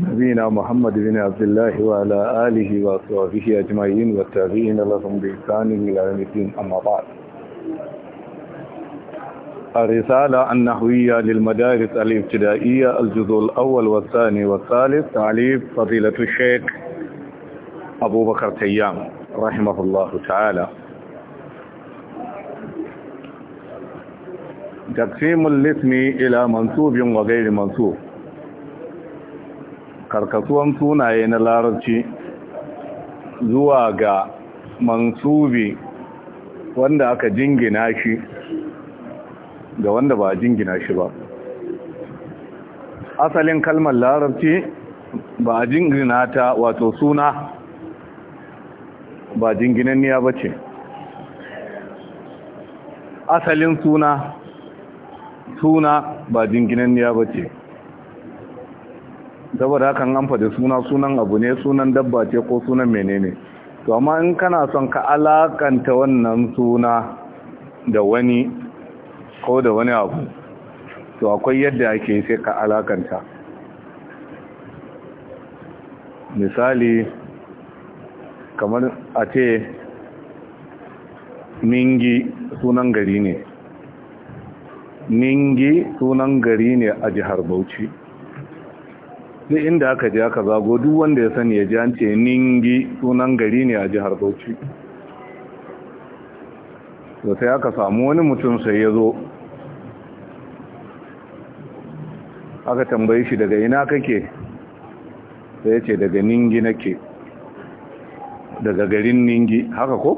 نبينا محمد بن عبد الله وعلى آله وصحبه أجمعين والتابعين لهم بإحسان إلى يوم الدين أما بعد الرسالة النحوية للمدارس الابتدائية الجزء الأول والثاني والثالث تعليف فضيلة الشيخ أبو بكر تيام رحمه الله تعالى تقسيم الاسم إلى منصوب وغير منصوب karkasuwan sunaye na larabci zuwa ga mansubi wanda aka jingina shi ga wanda ba jingina shi ba asalin kalmar larabci ba a jingina ta wato suna ba jinginanniya ba ce asalin suna suna ba jinginanniya ba ce saboda hakan an faɗi suna sunan abu ne sunan dabba ce ko sunan menene to amma in kana son ka alakanta wannan suna da wani ko da wani abu to akwai yadda ake sai ka alakanta misali kamar a ce mingi sunan gari ne ningi sunan gari ne a jihar bauchi sai inda aka ji aka zago duk wanda ya sani ya ji an ce ningi sunan gari ne a jihar bauchi to sai aka samu wani mutum sai ya zo aka tambaye shi daga ina kake sai ya ce daga ningi nake daga garin ningi haka ko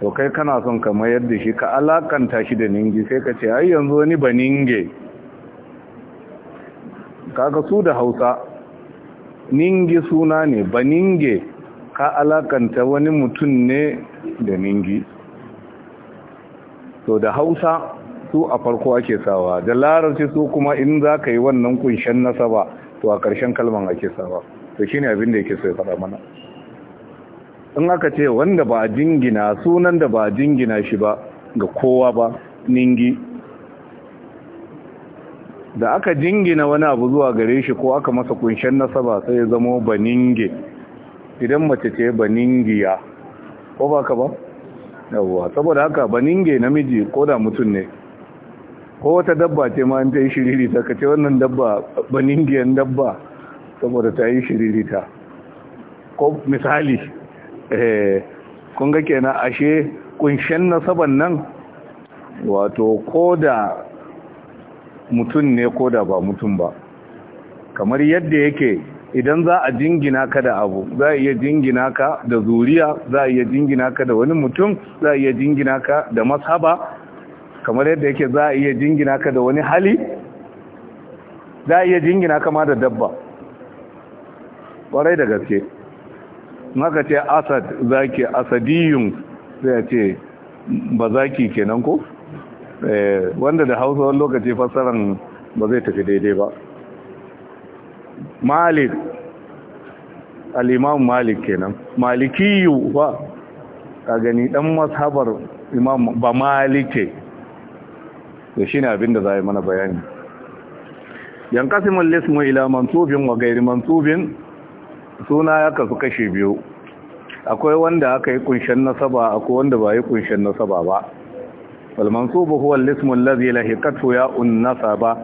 to kai kana son ka mayar da shi ka alakanta shi da ningi sai ka ce ai yanzu wani ba ninge kaga su da hausa ningi suna ne ba ninge ka alakanta wani mutum ne da ningi to da hausa su a farko ake sawa da lararci su kuma in za ka yi wannan kunshen nasaba to a ƙarshen kalman ake sawa to shi ne abin da yake so ya faɗa mana in aka ce wanda ba a jingina sunan da ba a jingina shi ba ga kowa ba ningi da aka jingina wani abu zuwa gare shi ko aka masa kunshen nasaba sai ya zama baninge idan mace ce baningiya ko ba ka ba yawwa saboda haka baninge namiji ko da mutum ne ko wata dabba ce ma ta yi shiririta ka ce wannan dabba baningiyan dabba saboda ta yi shiririta ko misali eh, kun ga kenan ashe kunshen nasaban nan wato ko da mutum ne ko da ba mutum ba kamar yadda yake idan za a jingina ka da abu za a iya jingina ka da zuriya za a iya jingina ka da wani mutum za a iya jingina ka da mashaba kamar yadda yake za a iya jingina ka da wani hali za a iya jingina kama da dabba ƙwarai da gaske maka ce asad za ke asadiyun sai ce ba za ki kenan ko Eh, wanda da hausa wani lokaci fassarar ba zai tafi daidai ba malik al'imam malik kenan malikiyu ba ka gani dan mashabar imam ba malike da shi ne abinda za a yi mana bayani yan kasimin lismu ila mantubin wa gairi mantubin suna ya kasu kashe biyu akwai wanda aka yi kunshen nasaba akwai wanda ba yi kunshen nasaba ba والمنصوب هو الاسم الذي لهقته ياء النصب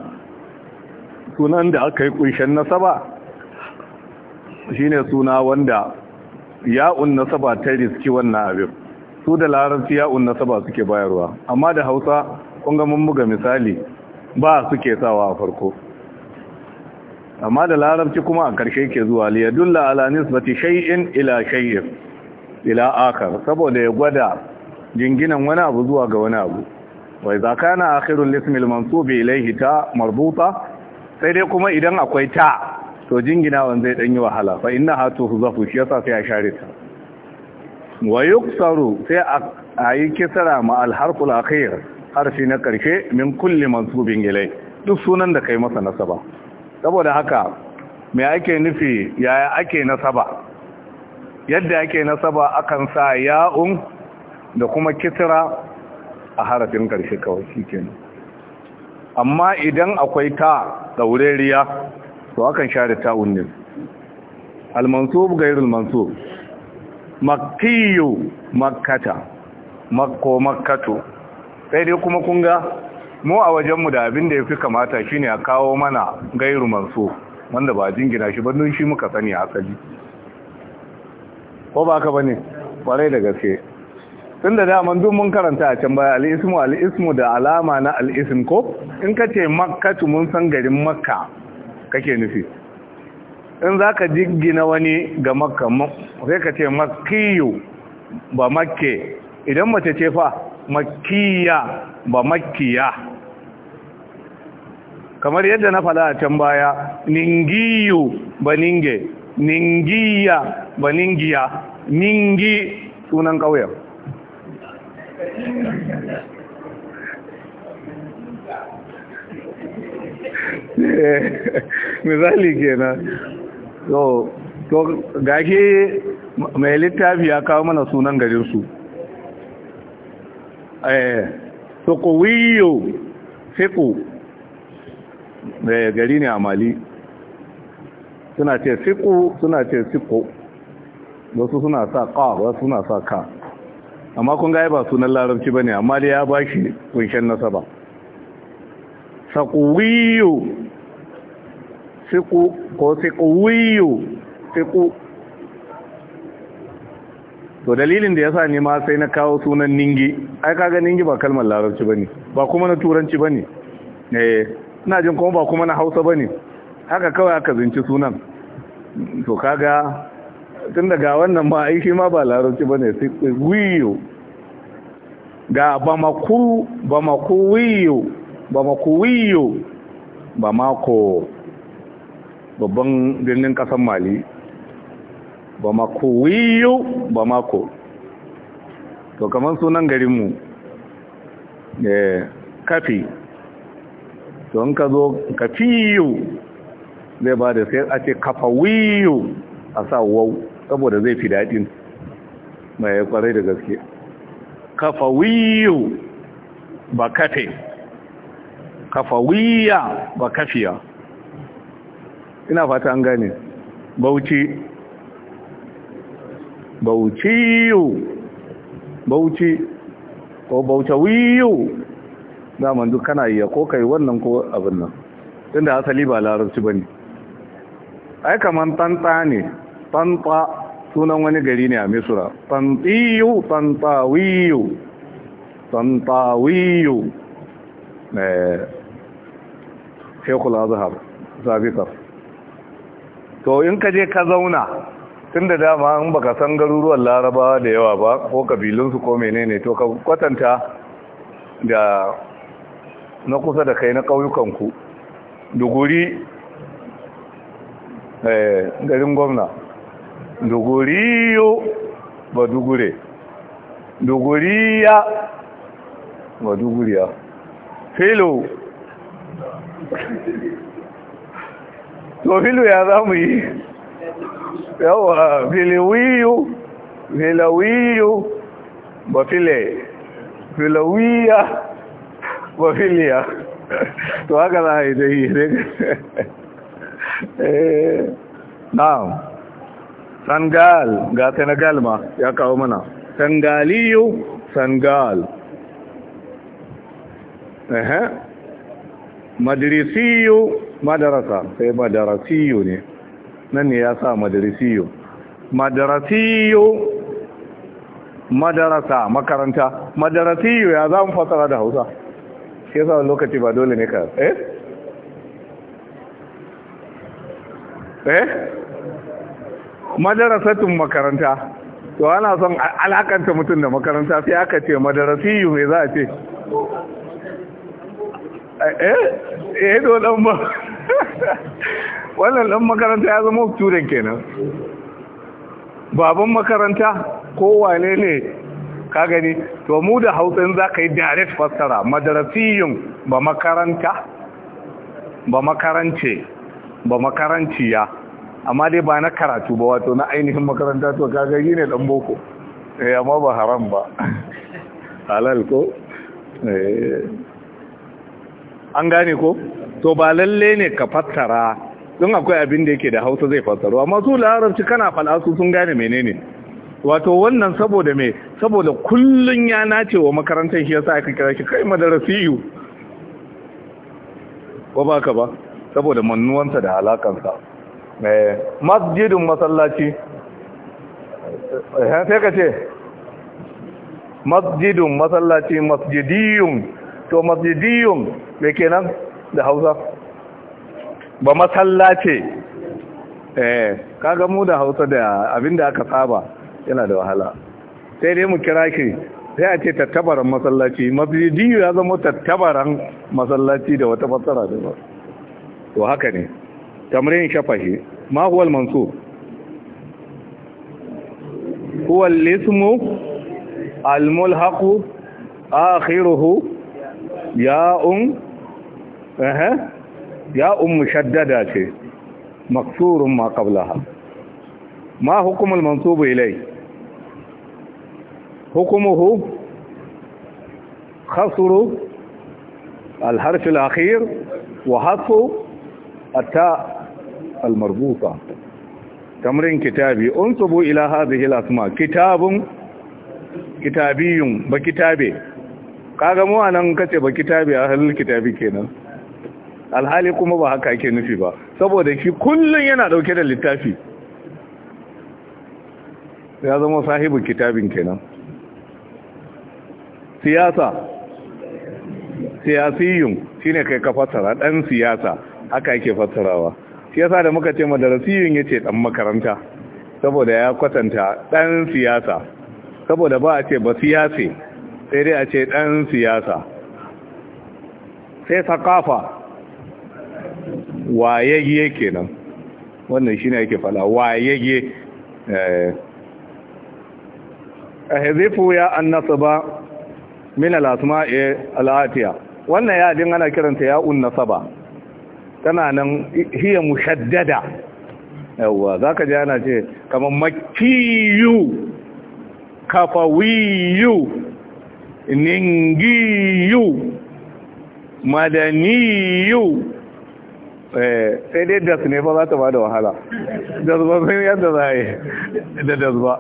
sunan da aka yi kunshen nasaba shine suna wanda ya'un nasaba ta riski wannan abin su da larabci ya'un nasaba suke bayarwa amma da hausa kunga mun buga misali ba suke sawa a farko amma da larabci kuma a karshe ke zuwa liyadulla ala nisbati shay'in ila shay'in ila akar saboda ya gwada jinginan wani abu zuwa ga wani abu wai za ka kana lismil ismil bai ilaihi ta marbuta sai dai kuma idan akwai ta to jingina wanda zai dan wahala fa su tuhzafu shi yasa sai a share ta wa yuksaru sai a yi kisara ma alharkul akhir harfi na karshe min kulli mansubin ilai duk sunan da kai masa nasaba saboda haka me ake nufi yaya ake nasaba yadda ake nasaba akan sa ya'un da kuma kisra a harafin ƙarshe kawai shi amma idan akwai ta ɗaureriya to akan share unnin ne ga gairul mansub makiyu makata, makko makato. sai dai kuma kunga mu a wajenmu da abin da ya fi kamata shine a kawo mana gairu manso wanda ba jingina shi ba shi muka sani a asali ko ba ka bane kwarai da gaske tun da daman duk mun karanta a can baya al'ismu al'ismu da alama na al'isim ko in ka ce makkatu mun san garin makka kake nufi in za ka jingina wani ga makka sai ka ce makiyu ba makke idan mace ce fa makkiya ba makkiya. kamar yadda na fada a can baya ningiyu ba ninge ningiya ba ningiya ningi sunan ƙauyen Eh, misali kenan so to gake mai littafi ya kawo mana sunan garinsu eh sukuwiyo fiku eh, gari ne a mali suna ce fiku suna ce siko wasu suna sa ka wasu suna sa ka amma kun gaya ba sunan larabci bane amma dai ya bashi kunshen nasaba saquwiyu siku ko siquwiyu siku. to dalilin da ya sa ma sai na kawo sunan ningi ai kaga ningi ba kalmar larabci bane ba kuma na turanci bane eh ina jin kuma ba kuma na Hausa bane haka kawai aka zinci sunan to kaga tun daga wannan ma aiki ma ba larabci ba ne wiyo ga bamaku bamaku wiyo bamaku wiyo bamako babban birnin kasan mali bamako wiyo bamako to kamar sunan garinmu eh, kafi to in ka zo kafiyo zai ba da sai a ce kafawiyo a sa wau saboda zai fi daɗin mai kwarai da gaske kafawiyu ba kafe kafawiya ba kafiya ina fata an gane bauchi bauchiyu bauchi ko bautawiyu zaman duk kana iya ko kai wannan ko abin nan tunda asali ba larabci bane ai kaman tantsa ne fanta sunan wani gari ne a misra fantiyu fantawiyu fantawiyu eh, shekul azhar zabitar to in ka je ka zauna tun da dama in baka san garuruwan Laraba da yawa ba ko kabilunsu ko menene to ka kwatanta da na kusa da kai na ƙauyukanku duguri eh, garin gwamna duguriyo ba dugure duguriya ba duguriya filo to filo ya za mu yi yawa filiwiyo filawiyo ba file filawiya ba filiya to haka za a yi ta yi eh, na'am sangal ga senegal ma ya kawo mana sangaliyu sangal ehe madarisiyu madarasa sai madarasiyu ne nan ne ya sa madarisiyu madarasiyu madarasa makaranta madarasiyu ya za mu fasara da hausa shi yasa lokaci ba dole ne ka eh eh madarasatun makaranta to ana son alakanta mutum da makaranta sai aka ce madarasiyu mai za a ce eh eh do dan ba wannan dan makaranta ya zama student kenan baban makaranta ko wane ne ka gani to mu da hausa za ka yi direct fassara madarasiyun ba makaranta ba makarance ba makarantiya amma dai ba na karatu ba wato na ainihin makaranta to kaga ne dan boko eh amma ba haram ba halal ko eh. an gane ko to ba lalle ne ka fassara don akwai abin da yake da hausa zai fassaro amma su larabci kana falasu sun gane menene wato wannan saboda me saboda kullun ya nace wa makarantar shi yasa aka kira shi kai madarasiyu ko baka ba saboda mannuwansa da alakansa Eh, masjidin masallaci eh, sai ka ce masjidin masallaci masjidiyun to masjidiyun me kenan da hausa ba masallace eh, kaga mu da hausa da abinda aka saba yana da wahala sai dai mu kira ki sai a ce tattabaran masallaci masjidiyu ya zama tattabaran masallaci da wata fassara da ba to haka ne tamrin shafahi ma huwa al-mansub huwa al-ismu al-mulhaqu akhiruhu ya'un aha ce maksurun ma qablaha ma hukumu al-mansub hukumuhu khasru الحرف الأخير وحذف التاء almarbuta tamrin kitabi unsubu ila hadhihi al-asma kitabun kitabiyun ba kitabe kaga mu anan kace ba kitabe ahlul kitabi kenan alhali kuma ba haka ake nufi ba saboda shi kullun yana ɗauke da littafi ya zama sahibu kitabin kenan siyasa siyasiyun shine kai ka fassara dan siyasa haka yake fassarawa shi yasa da muka ce ya yace dan makaranta saboda ya kwatanta dan siyasa saboda ba a ce ba siyasi sai dai a ce dan siyasa sai sakafa wayayye kenan wannan shine yake fala wayayye eh ahzifu ya annasaba min al-asma'i al-atiya wannan ya din ana kiranta ya unnasaba tana nan hiya mushaddada yawwa zaka ji ana ce kamar makiyu kafawiyu ningiyu madaniyu eh, sai dai das ne fa za ta ba da wahala das ba sun yadda za a yi da das ba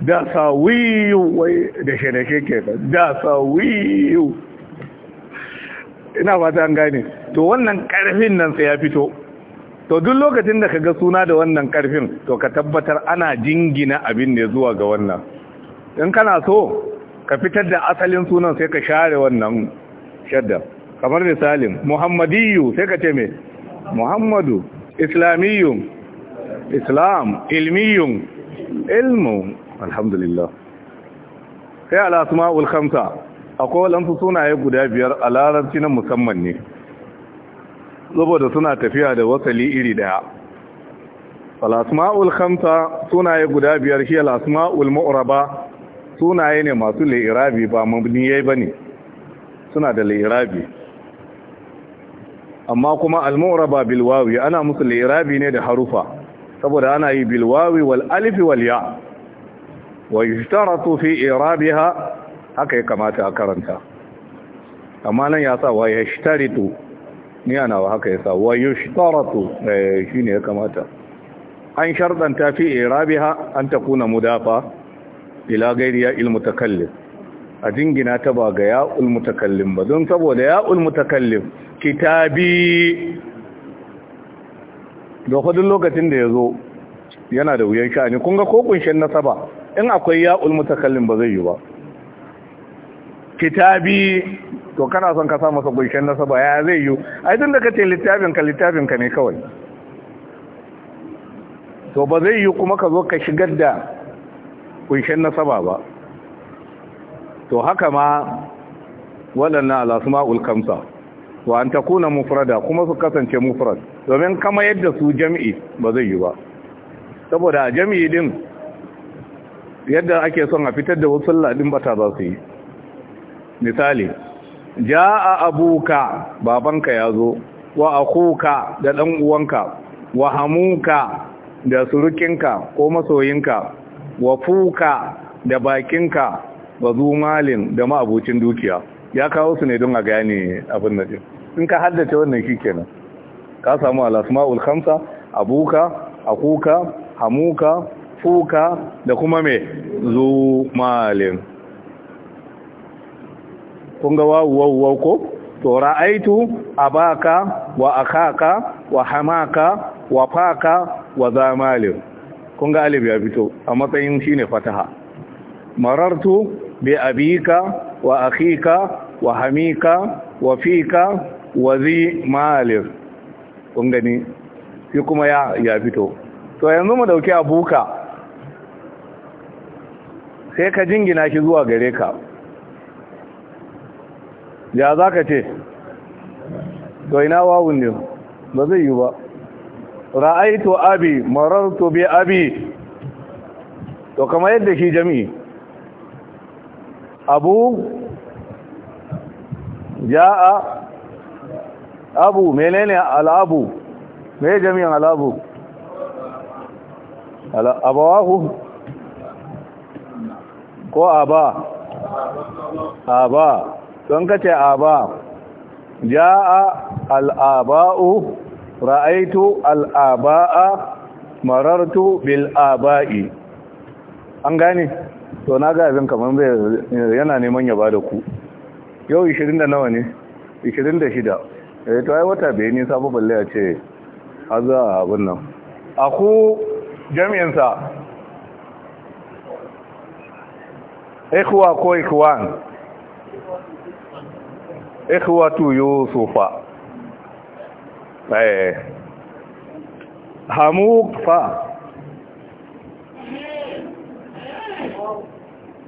da sawiyu wai da shirake ke da sawiyu ina fata an gane to wannan karfin nan sai ya fito to duk lokacin da kaga suna da wannan karfin to ka tabbatar ana jingina abin da zuwa ga wannan in kana so ka fitar da asalin sunan sai ka share wannan shadda kamar misalin muhammadiyu sai ka ce me muhammadu Islamiyu. islam Ilmiyu. ilmu alhamdulillah sai alasuma asmaul akwai walansu sunaye guda biyar a larabci na musamman ne saboda suna tafiya da wasali iri daya alasma'ul khamsa sunaye guda biyar shi alasma'ul mu'raba sunaye ne masu la'irabi, ba mabniyai bane suna da la'irabi. amma kuma al-mu'raba bil wawi ana musu la'irabi ne da harufa saboda ana yi bil wawi wal alif wal ya wa yushtaratu fi i'rabiha haka ya kamata a karanta amma nan ya sa wa ya shtaritu ni ana wa haka ya sa wa ya shtaratu eh, shi ne ya kamata an shardanta fi ha an ta kuna mudafa ila gairiya ilmutakallif a jingina ta ba ga ya'ul mutakallim ba don saboda ya'ul mutakallim kitabi dokadin lokacin da ya zo yana da wuyan sha'ani kun ga ko kunshin nasaba in akwai ya'ul mutakallim ba zai yi ba kitabi to kana son ka sa masa gunshen nasaba ya zai yi ai tun da ka ce littafinka littafinka ne kawai to ba zai yi kuma ka zo ka shigar da kunshen nasaba ba to haka ma waɗannan alasma'ul kamsa wa an ta kuna mufrada kuma su kasance mufrad domin kama yadda su Jam'ii ba zai yi ba saboda Jam'ii din yadda ake son a fitar da wasu ladin bata za su yi misali a abuka babanka yazo wa akuka da ɗan uwanka wa hamuka da surukinka ko masoyinka wa fuka da bakinka wa zumalin da ma'abucin dukiya ya kawo su ne don a gane abin da in ka haddace wannan shikenan ka samu alasma'ul khamsa abuka akuka hamuka fuka da kuma mai zumalin kun ga wawu wawu ko to ra'aitu abaka wa akaka wa hamaka wa faka wa zamalin kun ga alif ya fito a matsayin shine fataha marartu bi abika wa akhika wa hamika wa fika wa zi malin kun gani shi kuma ya ya fito to yanzu mu dauki abuka sai ka jingina shi zuwa gare ka ya za ka ce to ina wawun ne ba zai yi ba to abi marartu bi abi to kama yadda shi Jami. abu a. abu menene al'abu me jami'in al'abu abawahu ko aba aba don ka ce aba ja a al'aba'u ra'aitu al'aba'a marartu bil'aba'i an gane to na ga abin kamar yana neman ya da ku yau 20 da nawa ne 26 eh to ai wata bai nisa ba balle a ce haza abin nan a ku jami'insa ikuwa ko ikhwan ikhwatu yusufa eh hamuk fa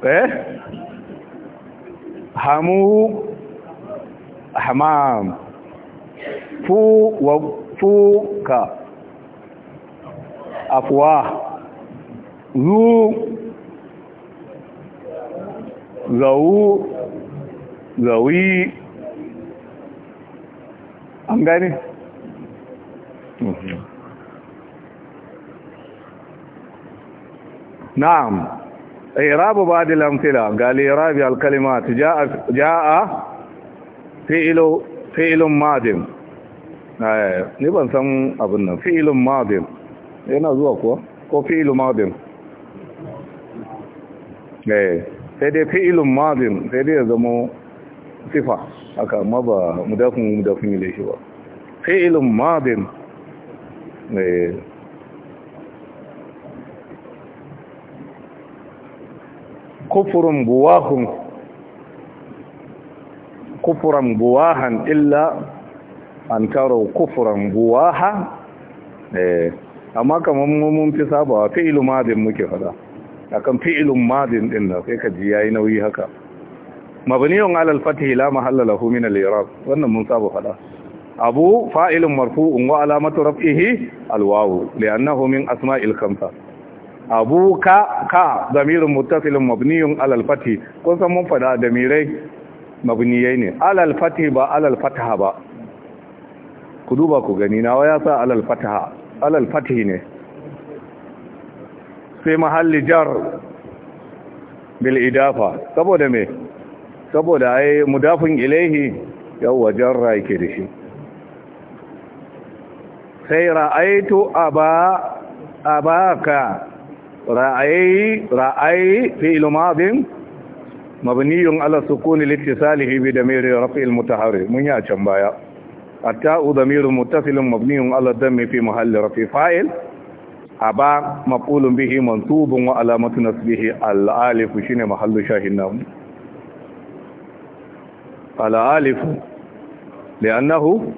eh hamu hamam fu wa fuka afwa zu Zawu. zawi an gane na'am irabu badil amthila ga lirabi alkalimat jaa jaa fi'lu fi'lun madin eh, ni ban san abin nan fi'lun madin yana zuwa kuwa ko fi'lu madin eh sai dai fi'lun madin sai dai ya zama sifa haka amma ba mudafin mudafin ilaihi ba fi'ilun madin eh, kufurin buwahun kufurin buwahan illa an taro kufurin buwaha eh, amma kamar mun fi sabawa fi'ilun madin muke fada akan fi'ilun madin din na sai ka ji yayi nauyi haka mabniyun ala al-fathi la mahalla lahu min al-i'rab wannan mun saba fada abu fa'ilun marfu'un wa alamatu raf'ihi al-waw li'annahu min asma'il khamsa abu ka ka damirun muttasilun mabniyun ala al-fathi kun san mun fada damirai mabniyai ne ala al-fathi ba ala al-fataha ba ku duba ku gani na ya sa ala al-fataha ala al-fathi ne sai mahalli jar bil idafa saboda me saboda ai mudafin ilaihi yawwa jarra yake da shi sai ra'aitu aba abaka ra'ayi ra'ayi fi'il madin mabniyun ala sukuni litisalihi bi damiri raf'il mutahari mun ya can baya التاء ضمير متصل مبني على الدم في محل رفع فاعل أبا مقول به منصوب وعلامة نصبه الألف شين محل شاهد نام الالف لانه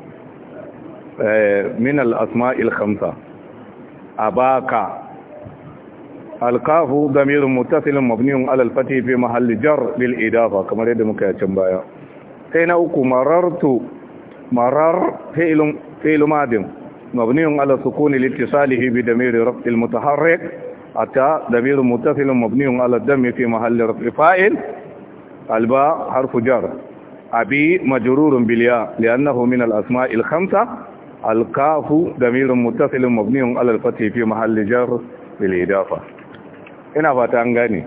آه، من الاسماء الخمسه اباك القاف ضمير متصل مبني على الفتح في محل جر للإضافة كما يريد مكاتب بايا سينا اكو مررت مرر فعل فعل ماض مبني على سكون لاتصاله بضمير رفع المتحرك أتى ضمير متصل مبني على الدم في محل رفع فاعل الباء حرف جر abi majrurun Bilya. ya li'annahu min al asma'il khamsa al kafu damirun muttasilun mabniun al fathi fi mahalli jar bil idafa ina fata an gane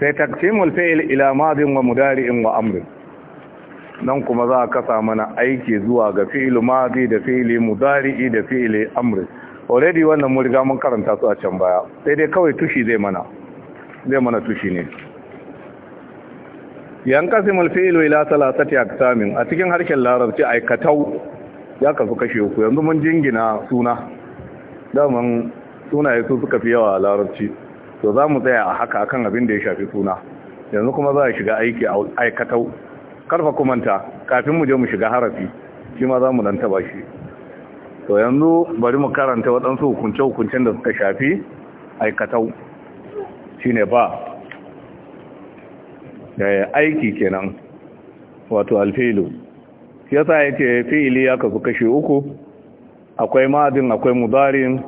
sai taqsimul fi'l ila madin wa mudari'in wa amrin nan kuma za a kasa mana aiki zuwa ga fi'il madi da fi'il mudari'i da fi'il amri already wannan mun riga mun karanta su a can baya sai dai kawai tushi zai mana zai mana tushi ne yankasimul fi'lu ila salasati aqsamin a cikin harshen larabci aikatau ya kasu kashe uku yanzu mun jingina suna daman sunaye su suka fi yawa a larabci to za mu tsaya a haka akan abin da ya shafi suna yanzu kuma za a shiga aiki a aikatau karfa kumanta kafin mu je mu shiga harafi shi ma za mu dan taba shi to yanzu bari mu karanta waɗansu hukunce-hukuncen da suka shafi aikatau shine ba aiki kenan wato alfilu yasa yake fi'ili ya kasu kashi uku akwai madin akwai mudarin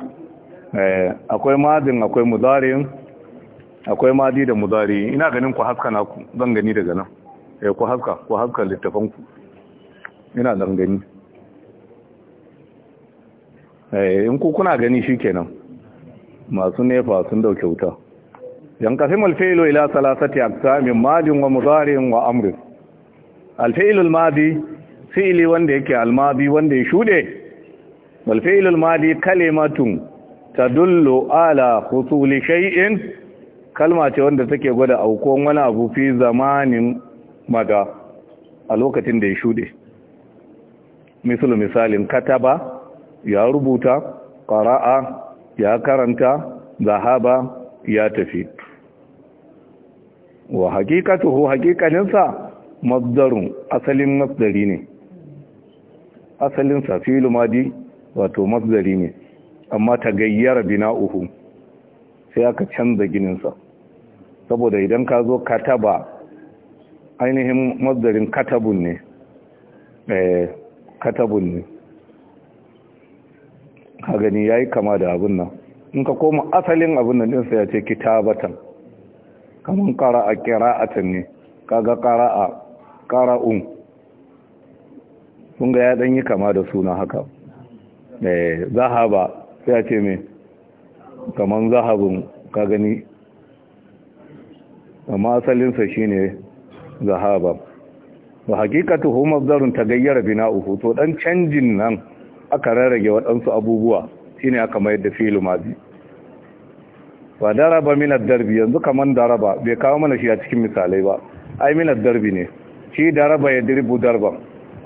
eh, akwai madin akwai mudarin akwai madi da mudari ina ganin ku haska na ku zan gani daga nan eh ku haska ku haska littafan ku ina zan gani eh in ku kuna gani shikenan masu nefa sun dauke wuta ينقسم الفعل إلى ثلاثة أقسام ماضي ومضارع وأمر الفعل الماضي فعل وندك الماضي وندي شوده والفعل الماضي كلمة تدل على حصول شيء kalma ce wanda take gwada aukon wani abu fi zamanin maga a lokacin da ya shuɗe misal misalin kataba ya rubuta ƙara'a ya karanta zahaba ya tafi wa haqiqatuhu haqiqaninsa masdarun asalin masdari ne asalin sa madi wato masdari ne amma ta gayyara bina'uhu sai aka canza gininsa saboda idan ka zo kataba ainihin masdarin katabun ne eh katabun ne ka gani yayi kama da abun nan in ka koma asalin abun nan din sai ya ce kitabatan kaman qara'a qira'atan ne kaga qara'a qara'un sun ga ya ɗan yi kama da suna haka eh, zahaba sai a ce mai kaman zahabun ka gani amma asalinsa shine zahaba ba hakikatu ta gayyara bina uku to dan canjin nan aka rarrage waɗansu abubuwa shine aka mayar da filu mazi Ba daraba min ad-darbi yanzu kaman daraba bai kawo mana shi a cikin misalai ba ai min darbi ne shi daraba ya dirbu darban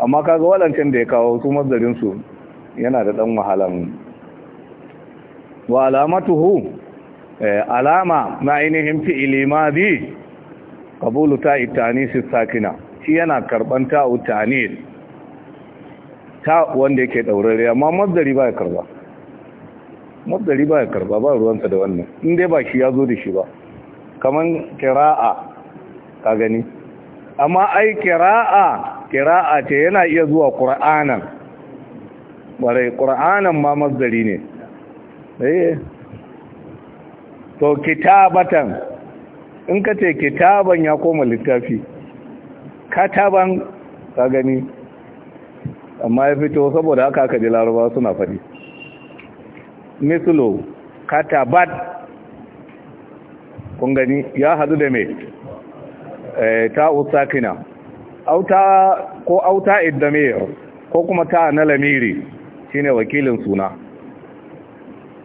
amma kaga walancan da ya kawo su mazdarin su yana da dan wahalan wa alamatuhu eh, alama na ainihin fi'ili madi qabulu ta'i su sakina shi yana karban ta'u tanis ta wanda yake daurare amma mazdari ba ya karba mabdari ba ya karba ba ruwansa da wannan in dai ba shi ya zo da shi ba kaman kira'a ka gani amma ai kira'a kira'a ce yana iya zuwa qur'anan ɓarai qur'anan ma mabdari ne ɗaya eh. to kitabatan in ka ce kitaban ya koma littafi kataban ka gani amma ya fito saboda haka aka ji laraba suna faɗi mislu katabat kun gani ya hadu da me eh, ta usakina auta ko auta iddamir ko kuma ta na lamiri shine wakilin suna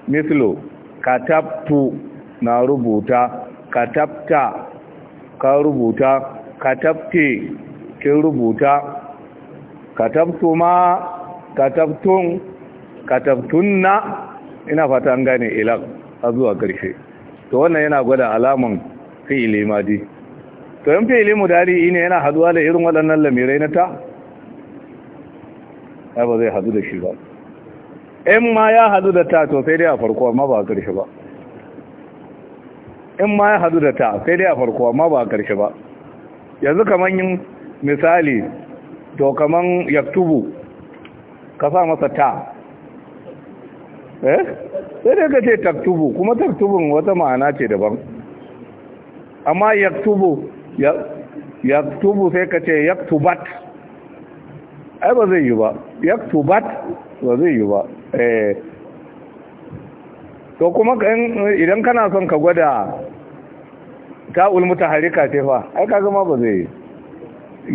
mislu katabtu na rubuta katabta ka rubuta katabte kin rubuta katabtuma katabtun katabtunna ina fata an gane ilaq a zuwa ƙarshe to wannan yana gwada alaman ma di. to yan fi'ili mudari ne yana haduwa da irin waɗannan lamirai na ta ai ba zai hadu da shi ba in ma ya hadu da ta to sai dai a farko amma ba a ƙarshe ba in ma ya hadu da ta sai dai a farko amma ba a ƙarshe ba yanzu kaman yin misali to kaman yaktubu ka sa masa ta eh sai daga ce taktubu kuma taktubun wata ma'ana ce daban amma yaktubu yaktubu sai ka ce yaktubat ai ba zai yi ba yaktubat ba zai yi ba eh to kuma idan kana son ka gwada ta'ul mutaharika ce fa ai ka gama ba zai yi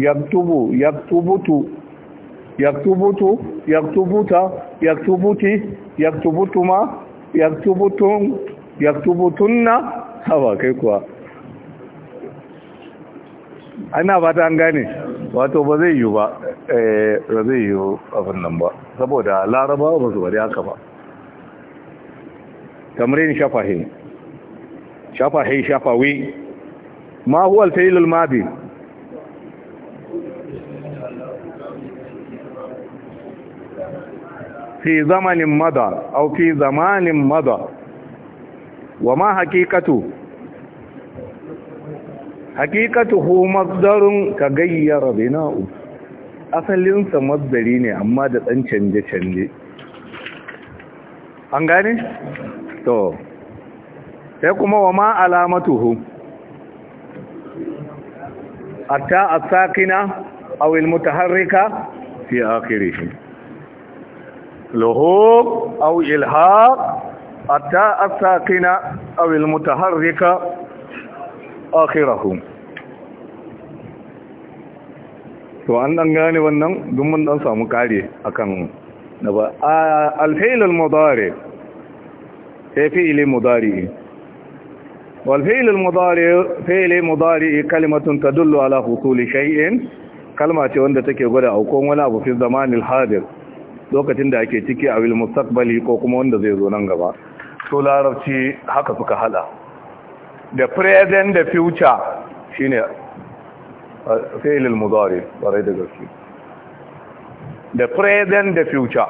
yaktubu yaktubutu yaktubutu yaktubuta yaktubuti yaktubutuma yaktubutun yaktubutunna haba kai kuwa ana ba ta an gane wato ba zai yi ba eh, ba zai yi abin nan ba saboda laraba ba su bari haka ba tamrin shafahin shafahi shafawi ma huwa al madi fi zamanin mada au fi zamanin mada wa ma hakikatu hakikatuhu mazdarun ka gayyara bina'u asalinsa mazdari ne amma da ɗan canje-canje an gane? to sai kuma wa ma alamatuhu atta asakina awil mutaharrika fi akhirih luhub aw ilhaq hatta asaqina aw almutaharrika akhirahum to an dan gane wannan duk mun dan samu kare akan na ba alfi'l almudari sai fi'l mudari والفعل المضارع فعل مضارع كلمة تدل على حصول شيء كلمة wanda take gwada aukon wani abu fi zamanil hadir lokacin da ake ciki a wil mustaqbali ko kuma wanda zai zo nan gaba to larabci haka suka hada the present the future shine uh, fi'il al-mudari bare da gaske the present the future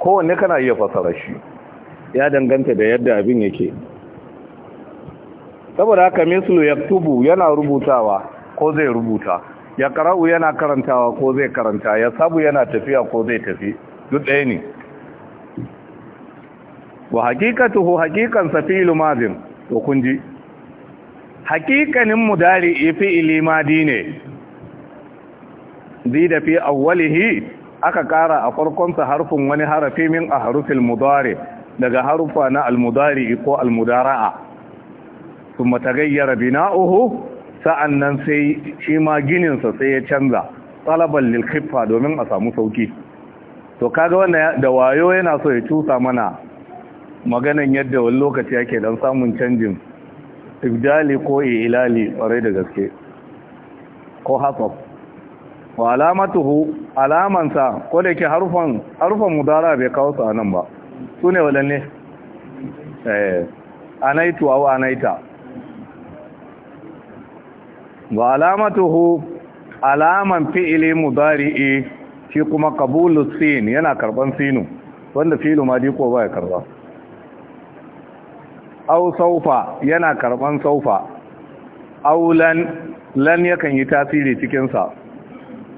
kowanne kana iya fasara shi ya danganta da yadda abin yake saboda haka mislu yaktubu yana rubutawa ko zai rubuta ya kara'u yana karantawa ko zai karanta ya sabu yana tafiya ko zai tafi duk ɗaya ne wa hu hakikan safilu mazin to kun ji hakikanin mudari ifi ilimadi ne da fi awwalihi aka kara a farkonsa harfin wani harafi min a harufin mudari daga harufa na almudari ko almudara'a ثم tagayyara bina'uhu sa'an nan sai shi ma gininsa sai ya canza tsalabar lilkifa domin a samu sauki to kaga wanda da wayo yana so ya cusa mana maganan yadda wani lokaci yake don samun canjin ibdali ko ilali ƙwarai da gaske ko hasaf wa alamatuhu alamansa ko da yake harufan mudara bai kawo su a nan ba su ne waɗanne eh anaitu au anaita wa alamatuhu alaman fi'ili mudari'i shi kuma qabulu sin yana karban sinu wanda fi'lu madi ko baya karba aw saufa yana karban saufa aulan lan yakan yi tasiri cikin sa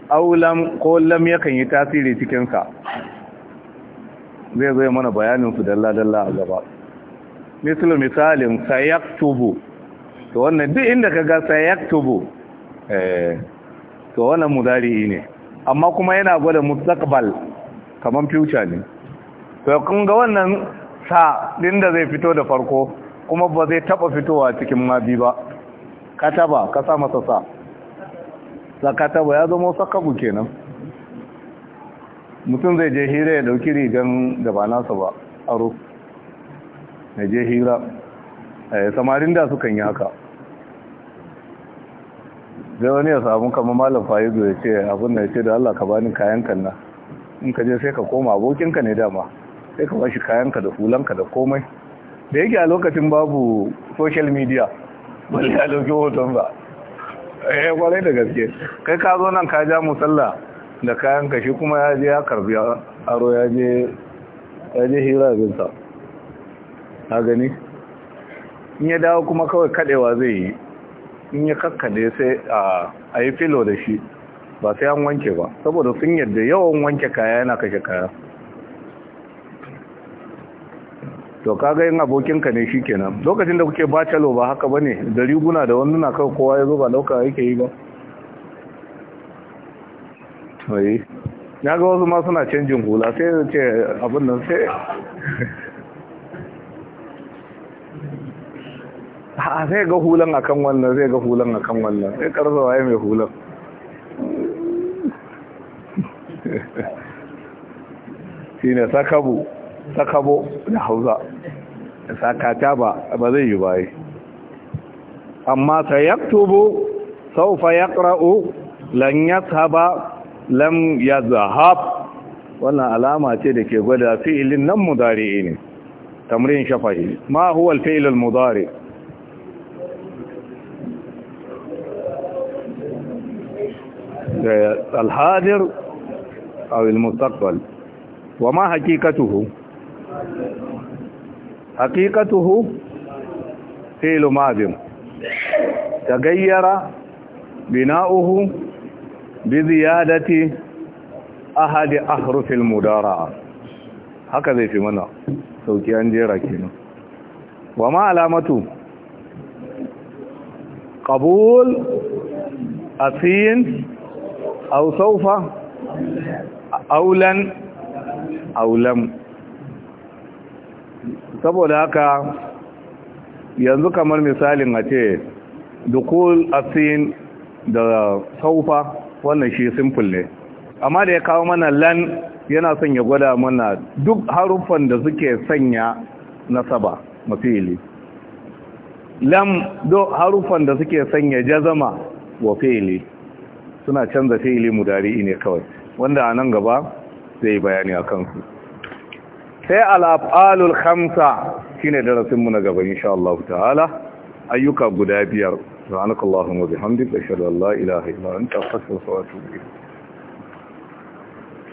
aulam ko lam yakan yi tasiri cikin sa zai zai mana bayanin su dalla dalla a gaba misali misalin sayaktubu to wannan duk inda ka ga sayaktubu eh to wannan mudari ne amma kuma yana gwada mustaqbal kamar future ne to kun ga wannan sa din da zai fito da farko kuma ba zai taba fitowa cikin mabi ba kataba ka sa masa sa kataba ya zama sakabu kenan mutum zai je hira ya dauki rigan da ba nasa ba aro na je hira Eh, samarin da sukan yi haka zai wani ya samu kamar malam fa'izu ya ce abin da ya ce da Allah ka bani kayan kanna in ka je sai ka koma abokinka ne dama sai ka bashi kayanka da hulanka da komai da yake a lokacin babu social media wani ya dauki hoton ba eh kwarai da gaske kai ka zo nan ka ja musalla da kayanka shi kuma ya je ya karbi aro ya je hira abinsa a gani in ya dawo kuma kawai kadewa zai yi in ya kakkade sai a yi filo da shi ba sai an wanke ba saboda sun yadda yawan wanke kaya yana kashe kaya to kaga yin abokinka ne shi kenan lokacin da kuke bacalo ba haka ba ne da riguna da wani na kawai kowa ya zo ba dauka yake yi ba na ga wasu ma suna canjin hula sai ce abin nan sai a zai ga hulan kan wannan zai ga hulan kan wannan sai karsa waye mai hulan shi ne sakabo sakabo da hausa sakata ba ba zai yi baye amma ta yaktubu ya yaqra'u lan lan ya zahab wannan alama ce da ke gwada fi'ilin nan mudari ne tamrin shafahi ma huwa al-fi'l الحاضر أو المستقبل وما حقيقته حقيقته فعل ماض تغير بناؤه بزيادة أحد أحرف المدارعة هكذا في منا سوكي أنجيرا كينا وما علامته قبول أثين au saufa aulan aulam saboda haka yanzu kamar misalin a ce dukul asin da saufa wannan shi simple ne amma da ya kawo mana lan yana son ya gwada mana duk haruffan da suke sanya nasaba mafili lam do haruffan da suke sanya jazama wa fili suna canza fi'ili mudari'i ne kawai wanda a nan gaba zai bayani a kansu sai al'af'alul khamsa shine darasinmu na gaba insha Allah ta'ala ayyuka guda biyar subhanakallahumma bihamdika ashhadu an la ilaha illa anta astaghfiruka wa atubu ilayk